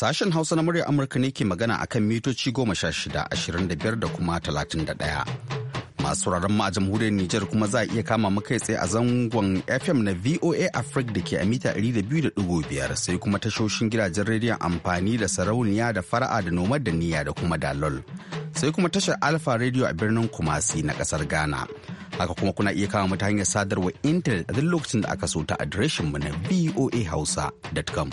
Sashen Hausa na muryar Amurka ne ke magana akan mitoci goma sha shida, ashirin da biyar da kuma talatin da ɗaya. Masu sauraron mu a jamhuriyar Nijar kuma za a iya kama mu kai tsaye a zangon FM na VOA Africa da ke a mita ɗari da biyu da ɗigo biyar sai kuma tashoshin gidajen rediyon amfani da sarauniya da fara'a da nomad da niyya da kuma dalol. Sai kuma tashar Alpha Radio a birnin Kumasi na ƙasar Ghana. haka kuma kuna iya kama mata hanyar sadarwar intanet a duk lokacin da aka so ta mu na voahausa.com.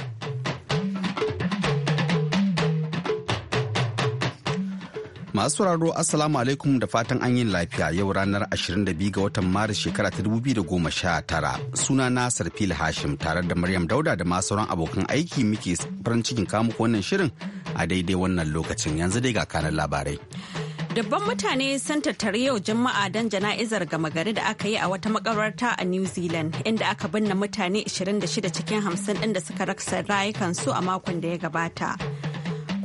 Masu sauraro Assalamu alaikum da fatan an yin lafiya yau ranar 22 ga watan Maris shekara ta 2019. Suna na Sarfil Hashim tare da Maryam Dauda da masu sauran abokan aiki muke farin cikin ko wannan shirin a daidai wannan lokacin yanzu dai ga kanan labarai. Dabban mutane sun tattari yau Juma'a don jana'izar gama gari da aka yi a wata makawarta a New Zealand inda aka binne mutane 26 cikin 50 ɗin da suka raksa rayukansu a makon da ya gabata.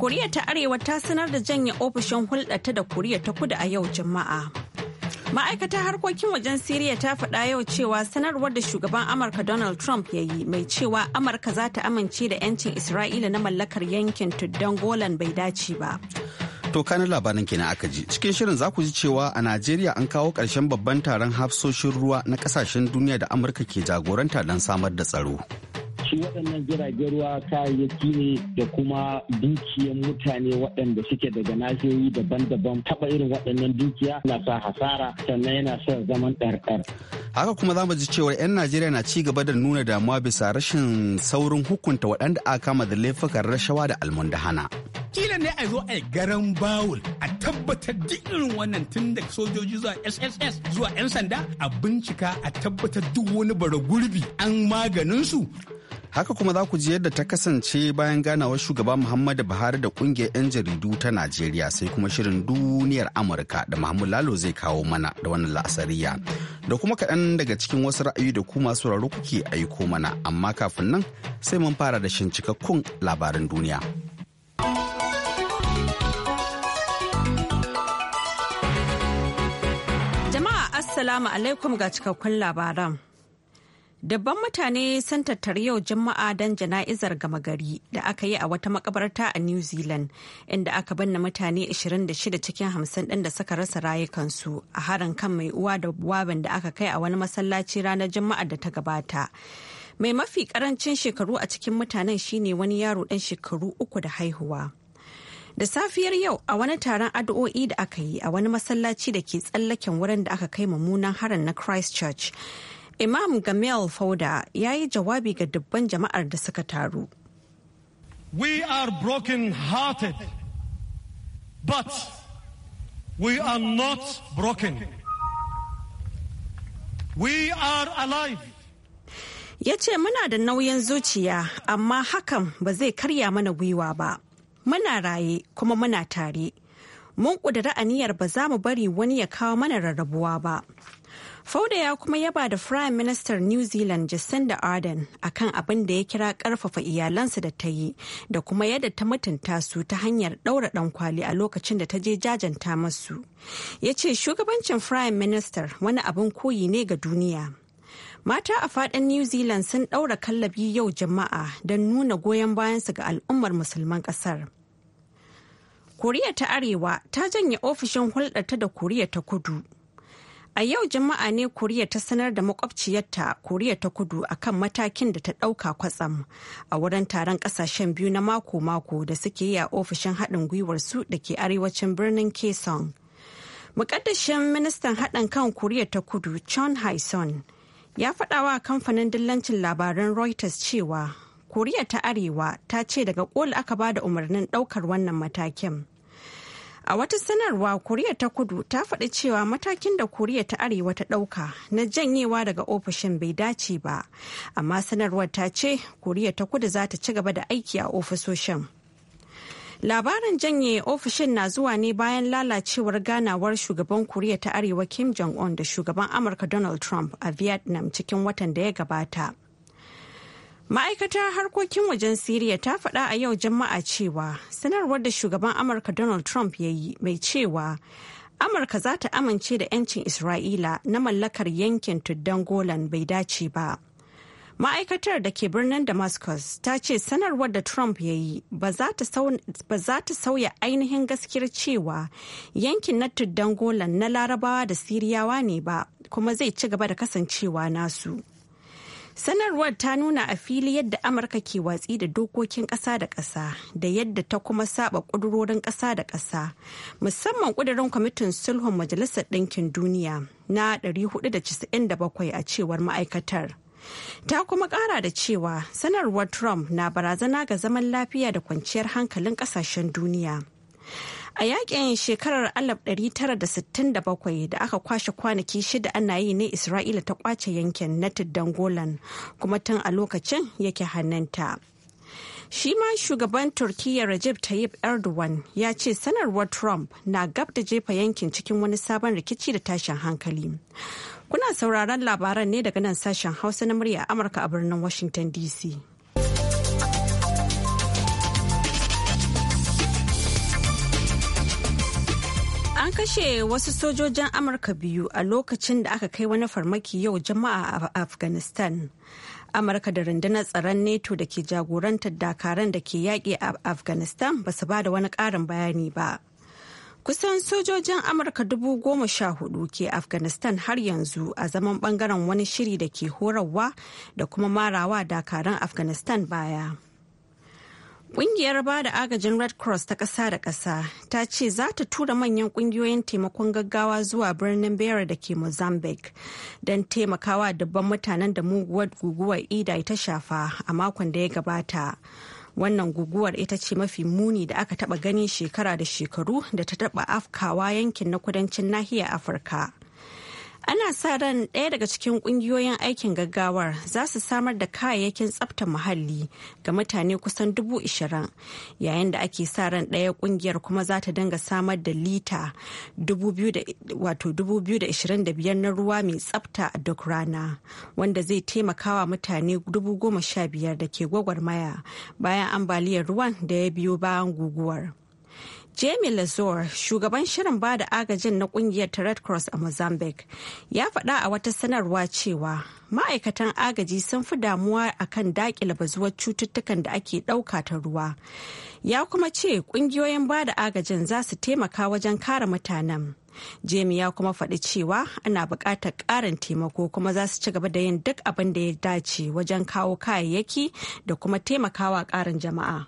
Koriya ta Arewa ta sanar da janye ofishin ta da Koriya ta Kudu a yau Juma'a. Ma'aikatar harkokin wajen Siriya ta faɗa yau cewa sanarwar da shugaban Amurka Donald Trump ya yi mai cewa Amurka za ta amince da 'yancin Isra'ila na mallakar yankin tuddan Golan bai dace ba. To kanin labarin kenan aka ji. Cikin shirin za ku ji cewa a Najeriya an kawo ƙarshen babban taron hafsoshin ruwa na ƙasashen duniya da Amurka ke jagoranta don samar da tsaro. shi waɗannan jiragen ruwa kayayyaki ne da kuma dukiyar mutane waɗanda suke daga nahiyoyi daban-daban taɓa irin waɗannan dukiya na sa hasara sannan yana sa zaman ɗarɗar. haka kuma za mu ji cewa 'yan najeriya na ci gaba da nuna damuwa bisa rashin saurin hukunta waɗanda aka kama da laifukan rashawa da almundahana. kila ne a zo a garan bawul a tabbatar duk irin wannan tun da sojoji zuwa sss zuwa 'yan sanda a bincika a tabbatar duk wani bara gurbi an maganin su haka kuma za ku ji yadda ta kasance bayan ganawar shugaba muhammadu buhari da kungiyar 'yan jaridu ta najeriya sai kuma shirin duniyar amurka da mahmud lalo zai kawo mana da wannan la'asariya da kuma kaɗan daga cikin wasu ra'ayi da kuma sauraro kuke aiko mana amma kafin nan sai mun fara da shin cikakkun labaran duniya jama'a assalamu alaikum ga cikakkun labaran Dabban mutane sun tattari yau Juma'a don jana'izar gama gari da aka yi a wata makabarta a New Zealand inda aka binne mutane 26 cikin 50 ɗin da suka rasa rayukansu a harin kan mai uwa da wabin da aka kai a wani masallaci ranar juma'a da ta gabata. Mai mafi karancin shekaru a cikin mutanen shine wani yaro ɗan shekaru uku da haihuwa. Da safiyar yau a wani taron addu'o'i da aka yi a wani masallaci da ke tsallaken wurin da aka kai mummunan harin na Christchurch. Imam Gamal Fauda ya yi jawabi ga dubban jama'ar da suka taru. We are broken hearted, but we are not broken. We are alive. Ya ce muna da nauyin zuciya, amma hakan ba zai karya mana gwiwa ba. Muna raye kuma muna tare. Mun ƙudura aniyar ba za mu bari wani ya kawo mana rarrabuwa ba. Fauda ya kuma yaba da Prime Minister New Zealand Jacinda Ardern akan abin da ya kira karfafa iyalansa da ta yi da kuma yadda ta mutunta su ta hanyar ɗaura ɗan kwali a lokacin da ta je jajanta masu. Ya ce shugabancin Prime Minister wani abin koyi ne ga duniya. Mata a faɗin New Zealand sun ɗaura kallabi yau jama'a don nuna goyon bayansu ga al'ummar musulman ƙasar. Koriya ta Arewa ta janye ofishin hulɗarta da Koriya ta Kudu. A yau Juma'a ne Koriya ta sanar da makwabciyarta Koriya ta kudu akan matakin da ta ɗauka kwatsam a wurin taron ƙasashen biyu na mako-mako da suke yi a ofishin haɗin gwiwar su da ke arewacin birnin Kaesong. Mukaddashin ministan haɗin kan Koriya ta kudu Chon hae sun ya faɗawa kamfanin dillancin labaran Reuters cewa Koriya ta Arewa ta ce daga kol aka bada umarnin ɗaukar wannan matakin. A wata sanarwa Koriya ta kudu ta faɗi cewa matakin da Koriya ta arewa ta ɗauka na janyewa daga ofishin bai dace ba, amma sanarwar ta ce Koriya ta kudu za ta ci gaba da aiki a ofisoshin. Labarin janye ofishin na zuwa ne bayan lalacewar ganawar shugaban Koriya ta arewa Kim Jong-un da shugaban Amurka Donald Trump a Vietnam cikin watan da ya gabata. Ma'aikatar harkokin wajen Siriya ta faɗa a yau Juma'a cewa sanarwar da shugaban Amurka Donald Trump ya yi mai cewa Amurka za ta amince da 'yancin Isra'ila na mallakar yankin tuddan Golan bai dace ba. Ma'aikatar da ke birnin Damascus ta ce sanarwar da Trump ya yi ba za ta sauya ainihin gaskiyar cewa yankin na tuddan Golan na larabawa da Siriyawa ne ba kuma zai ci gaba da kasancewa nasu. sanarwar ta nuna a fili yadda amurka ke watsi da dokokin ƙasa da ƙasa da yadda ta kuma saba ƙudurorin ƙasa da ƙasa musamman ƙudurin kwamitin sulhun majalisar ɗinkin duniya na 497 a cewar ma'aikatar ta kuma ƙara da cewa sanarwar trump na barazana ga zaman lafiya da kwanciyar hankalin ƙasashen duniya A yakin shekarar 1967 da aka kwashe kwanaki shida ana yi ne Isra'ila ta kwace yankin na tuddan Golan kuma tun a lokacin yake hannunta. Shi ma shugaban Turkiyya Recep Tayyip Erdogan ya ce sanarwar Trump na gab da jefa yankin cikin wani sabon rikici da tashin hankali. Kuna sauraron labaran ne daga nan sashen Hausa na murya Amurka a birnin Washington DC. kashe wasu sojojin Amurka biyu a lokacin da aka kai wani farmaki yau jama'a a Afghanistan. Amurka da rundunar tsaron NATO da ke jagorantar dakaran da ke yaƙi a Afghanistan ba su ba da wani ƙarin bayani ba. Kusan sojojin Amurka dubu goma sha hudu ke Afghanistan har yanzu a zaman bangaren wani shiri da ke horarwa da kuma marawa dakaran Afghanistan baya. Ƙungiyar ba da agajin Red Cross ta ƙasa da ƙasa ta ce za ta tura manyan ƙungiyoyin taimakon gaggawa zuwa birnin Beira da ke Mozambique don taimakawa dubban mutanen da muguwar guguwar Ida ta shafa a makon da ya gabata. Wannan guguwar ita ce mafi muni da aka taɓa gani shekara da shekaru da ta taɓa afkawa yankin na kudancin nahiyar Afirka. ana sa ran ɗaya daga cikin ƙungiyoyin aikin gaggawar za su samar da kayayyakin tsafta muhalli ga mutane kusan dubu ishirin yayin da ake sa ran ɗaya ƙungiyar kuma za ta dinga samar da lita dubu biyu da ishirin da biyar na ruwa mai tsafta a duk rana wanda zai taimakawa mutane dubu goma sha biyar da ke gwagwarmaya bayan ambaliyar ruwan da ya biyo bayan guguwar. Jamie Lazor, shugaban shirin ba da agajin na kungiyar ta Red Cross a Mozambique, ya faɗa a wata sanarwa cewa ma'aikatan agaji sun fi damuwa a kan daƙile bazuwar cututtukan da ake ɗauka ta ruwa. Ya kuma ce ƙungiyoyin ba da agajin za su taimaka wajen kare mutanen. Jamie ya kuma faɗi cewa ana buƙatar ƙarin taimako kuma za su ci gaba da yin duk abin da ya dace wajen kawo kayayyaki da kuma taimakawa ƙarin jama'a.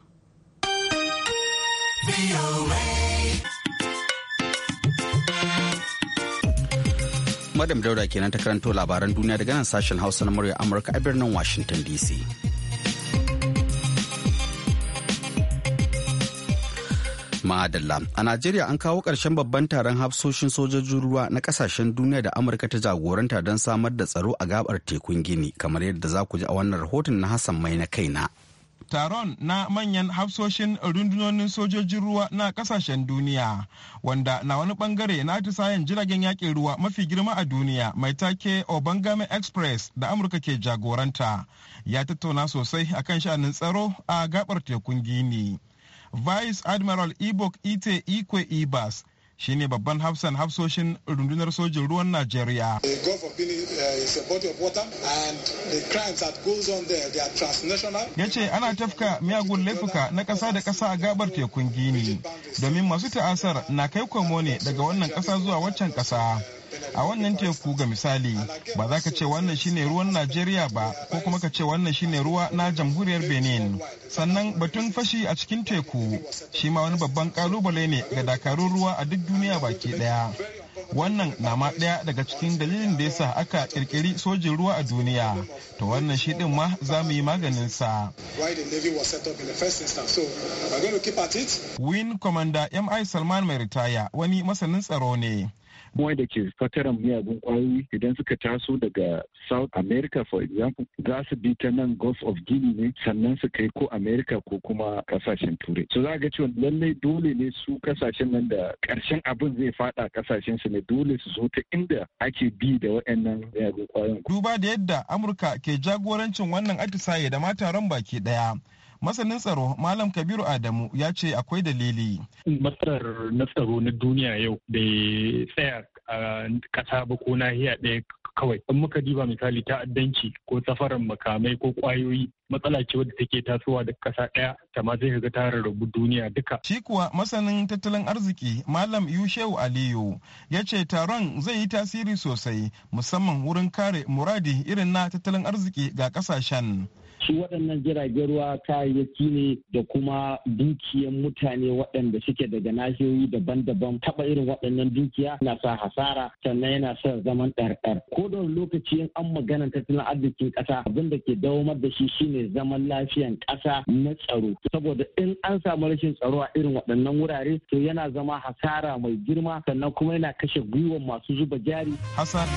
Madam Dauda kenan ta karanto labaran duniya daga nan sashen Hausa na murya Amurka a birnin Washington DC. Ma'adalla. A Najeriya an kawo ƙarshen babban taron hafsoshin sojojin ruwa na ƙasashen duniya da Amurka ta jagoranta don samar da tsaro a gabar tekun Gini, kamar yadda za ku ji a wannan rahoton na Hassan Mai na kaina. taron na manyan hafsoshin rundunonin sojojin ruwa na kasashen duniya wanda na wani bangare na atisayen jiragen yakin ruwa mafi girma a duniya mai take obangame express da amurka ke jagoranta ya tattauna sosai a kan sha'anin tsaro a gabar tekun gini vice admiral ibok ite ikwe ibas shine babban hafsan hafsoshin rundunar sojin ruwan Najeriya. Uh, ya ce ana tafka miyagun laifuka na ƙasa da ƙasa a gabar tekun Gini domin masu ta'asar na kai komo ne daga wannan ƙasa zuwa waccan ƙasa. a wannan teku ga misali ba za ka ce wannan shine ruwan najeriya ba ko kuma ka ce wannan shine ruwa na jamhuriyar benin sannan batun fashi a cikin teku shi ma wani babban kalubale ne ga dakarun ruwa a duk duniya baki daya wannan na ma daya daga cikin dalilin da ya sa aka kirkiri sojin ruwa a duniya to wannan shi din ma za mu yi maganin sa win commander mi salman mai ritaya wani masanin tsaro ne kuma da ke fataran miyagun kwayoyi idan suka taso daga south america for example za su bi ta nan gulf of guinea ne sannan su kai ko america ko kuma kasashen turai so za ga cewa lallai dole ne su kasashen nan da karshen abin zai fada kasashen su ne dole su zo ta inda ake bi da waɗannan miyagun kwayoyin duba da yadda amurka ke jagorancin wannan atisaye da ma taron baki daya masanin tsaro malam kabiru adamu ya ce akwai dalili matsalar na tsaro na duniya yau bai tsaya a kasa ba ko nahiya ɗaya kawai in muka diba misali ta'addanci ko safaran makamai ko kwayoyi matsala ce wadda take tasowa da kasa ɗaya ta ma zai ga ta rarrabu duniya duka. Shi kuwa masanin tattalin arziki Malam Yushewu Aliyu ya ce taron zai yi tasiri sosai musamman wurin kare muradi irin na tattalin arziki ga kasashen. su waɗannan jiragen ruwa kayayyaki ne da kuma dukiyan mutane waɗanda suke daga nahiyoyi daban-daban taɓa irin waɗannan dukiya na sa hasara sannan yana sa zaman ɗarɗar ko da lokaci in an magana tattalin arzikin ƙasa abin da ke dawomar da shi shine zaman lafiyan ƙasa na tsaro saboda in an samu rashin tsaro a irin waɗannan wurare to yana zama hasara mai girma sannan kuma yana kashe gwiwan masu zuba jari. Hassan.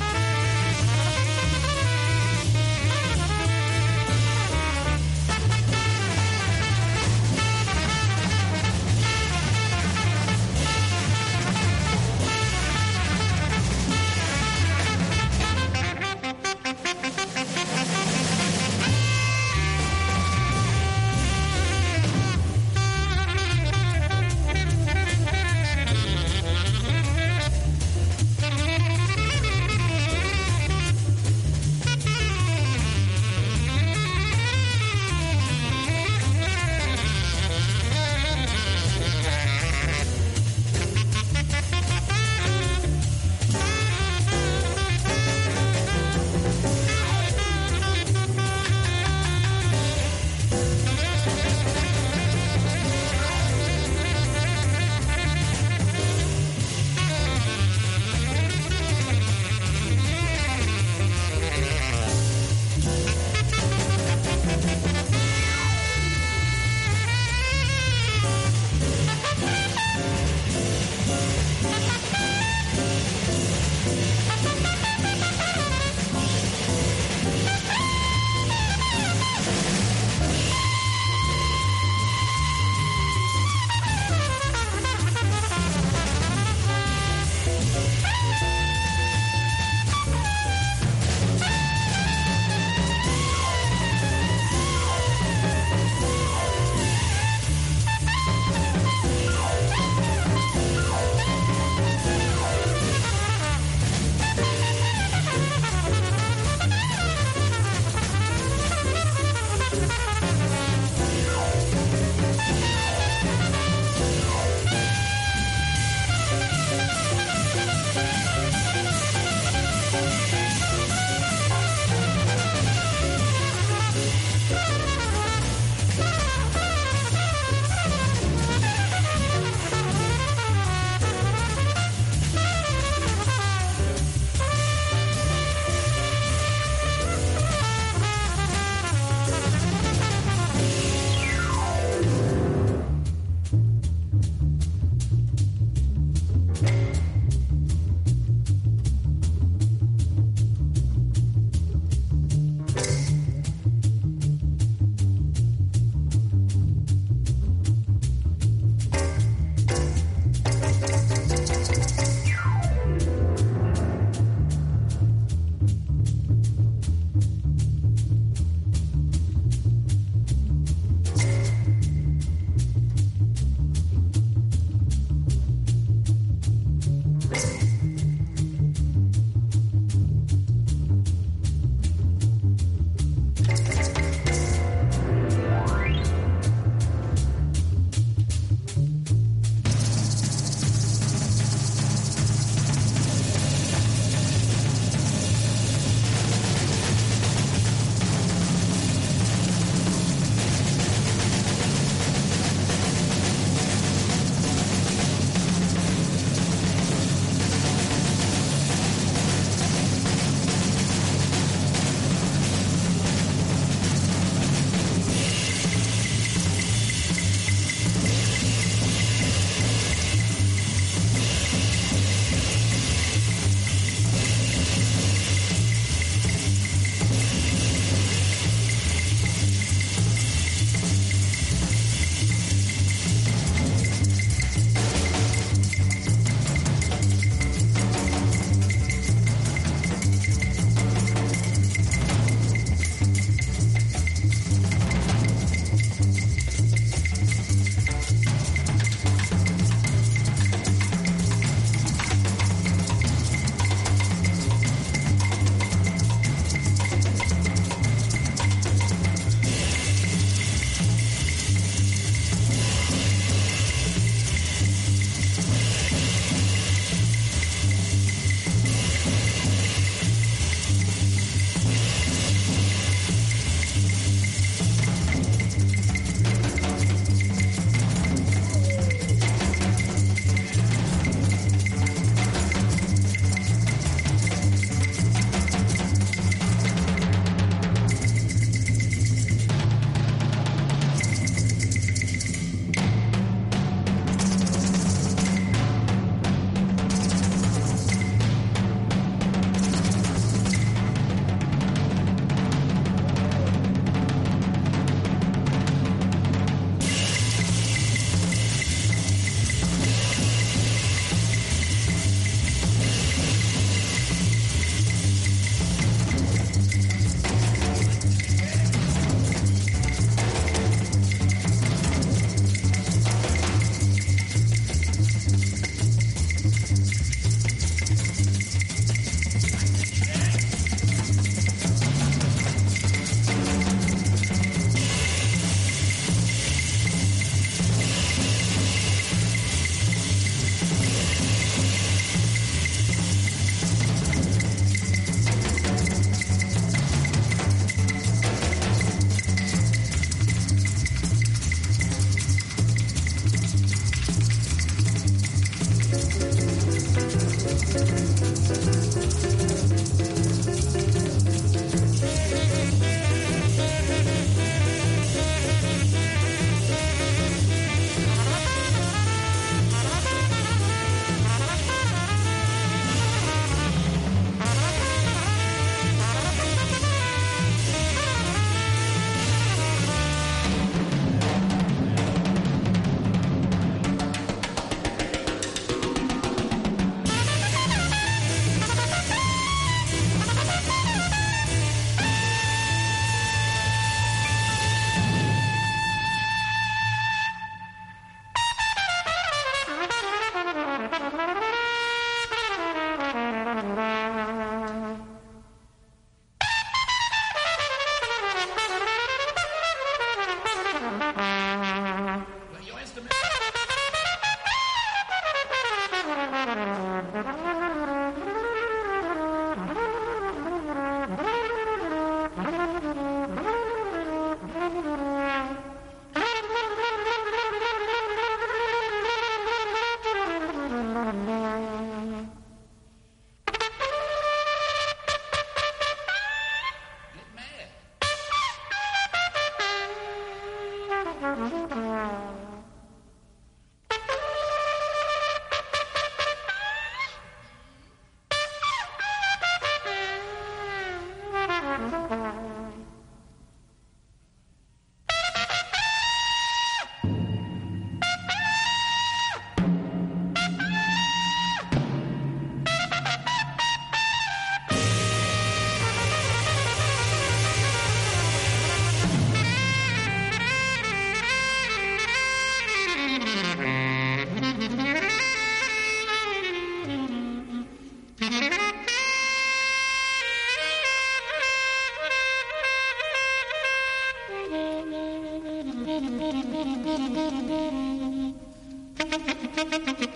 Thank you.